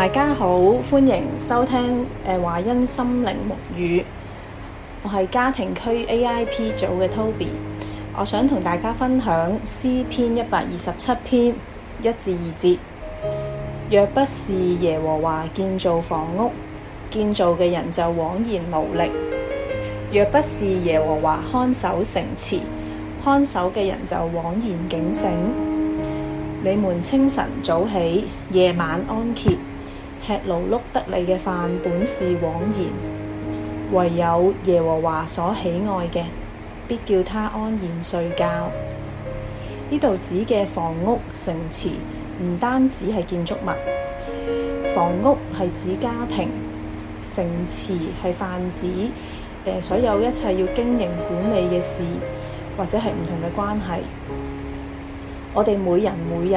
大家好，歡迎收聽《誒華欣心靈木語》，我係家庭區 A I P 組嘅 Toby，我想同大家分享詩篇一百二十七篇一至二節。若不是耶和華建造房屋，建造嘅人就枉然勞力；若不是耶和華看守城池，看守嘅人就枉然警醒。你們清晨早起，夜晚安歇。吃勞碌得嚟嘅飯本是枉然，唯有耶和華所喜愛嘅，必叫他安然睡覺。呢度指嘅房屋、城池，唔單止係建築物，房屋係指家庭，城池係泛指，所有一切要經營管理嘅事，或者係唔同嘅關係。我哋每人每日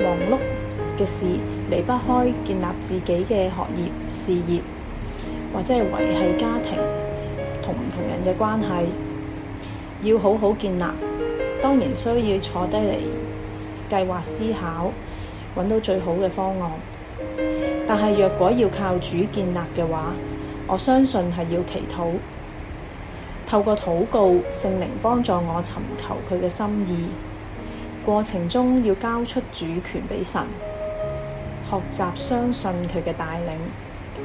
忙碌嘅事離不開建立自己嘅學業、事業或者係維繫家庭同唔同人嘅關係，要好好建立。當然需要坐低嚟計劃、思考，搵到最好嘅方案。但係若果要靠主建立嘅話，我相信係要祈禱，透過禱告，聖靈幫助我尋求佢嘅心意。過程中要交出主權俾神。學習相信佢嘅帶領。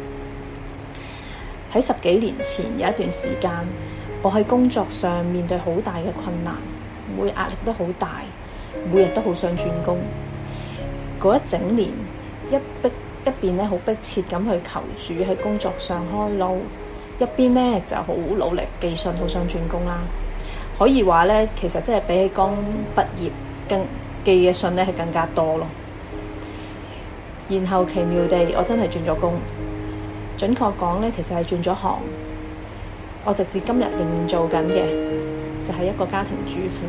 喺十幾年前有一段時間，我喺工作上面對好大嘅困難，每壓力都好大，每日都好想轉工。嗰一整年一逼一邊呢好迫切咁去求主喺工作上開路，一邊呢就好努力寄信，好想轉工啦。可以話呢，其實真係比起剛畢業更寄嘅信呢係更加多咯。然後奇妙地，我真係轉咗工。準確講呢，其實係轉咗行。我直至今日仍然做緊嘅，就係一個家庭主婦。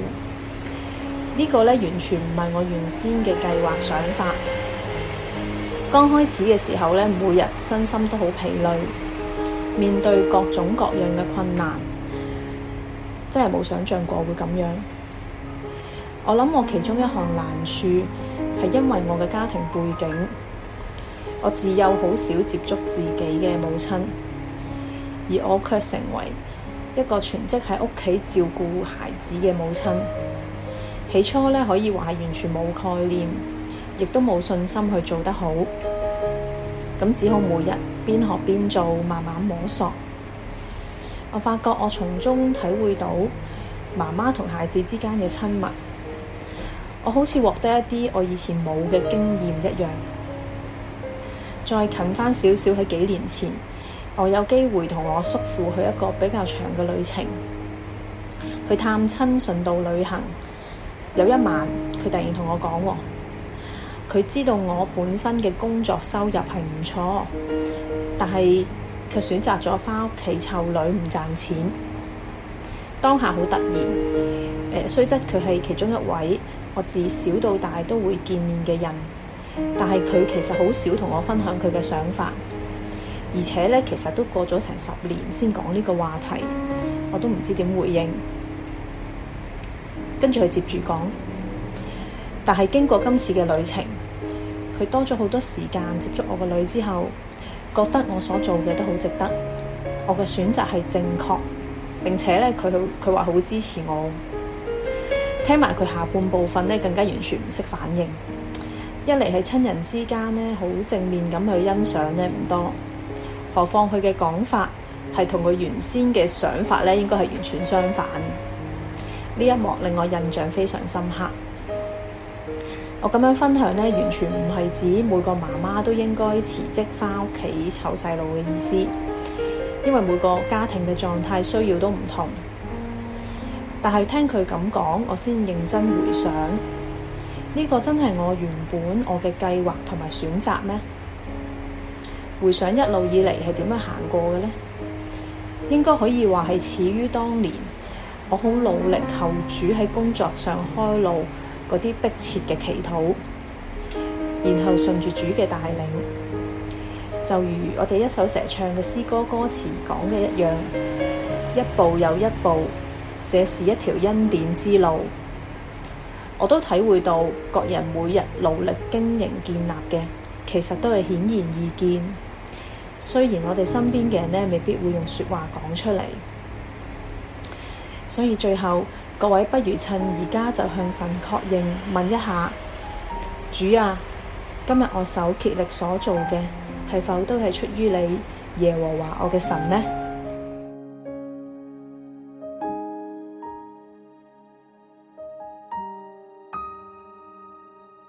呢個呢，完全唔係我原先嘅計劃想法。剛開始嘅時候呢，每日身心都好疲累，面對各種各樣嘅困難，真係冇想象過會咁樣。我諗我其中一項難處係因為我嘅家庭背景。我自幼好少接觸自己嘅母親，而我卻成為一個全職喺屋企照顧孩子嘅母親。起初咧，可以話係完全冇概念，亦都冇信心去做得好。咁只好每日邊學邊做，慢慢摸索。我發覺我從中體會到媽媽同孩子之間嘅親密，我好似獲得一啲我以前冇嘅經驗一樣。再近返少少，喺幾年前，我有機會同我叔父去一個比較長嘅旅程，去探親順道旅行。有一晚，佢突然同我講佢知道我本身嘅工作收入係唔錯，但係佢選擇咗返屋企湊女唔賺錢。當下好突然，誒雖則佢係其中一位我自小到大都會見面嘅人。但係佢其實好少同我分享佢嘅想法，而且咧其實都過咗成十年先講呢個話題，我都唔知點回應。跟住佢接住講，但係經過今次嘅旅程，佢多咗好多時間接觸我個女之後，覺得我所做嘅都好值得，我嘅選擇係正確，並且咧佢好佢話好支持我。聽埋佢下半部分咧，更加完全唔識反應。一嚟喺親人之間呢，好正面咁去欣賞呢唔多，何況佢嘅講法係同佢原先嘅想法呢應該係完全相反。呢一幕令我印象非常深刻。我咁樣分享呢，完全唔係指每個媽媽都應該辭職返屋企湊細路嘅意思，因為每個家庭嘅狀態需要都唔同。但係聽佢咁講，我先認真回想。呢個真係我原本我嘅計劃同埋選擇咩？回想一路以嚟係點樣行過嘅呢？應該可以話係始於當年，我好努力求主喺工作上開路，嗰啲迫切嘅祈禱，然後順住主嘅帶領，就如我哋一首成日唱嘅詩歌歌詞講嘅一樣，一步又一步，這是一條恩典之路。我都體會到，各人每日努力經營建立嘅，其實都係顯而易見。雖然我哋身邊嘅人咧，未必會用說話講出嚟。所以最後，各位不如趁而家就向神確認，問一下主啊，今日我手竭力所做嘅，係否都係出於你耶和華我嘅神呢？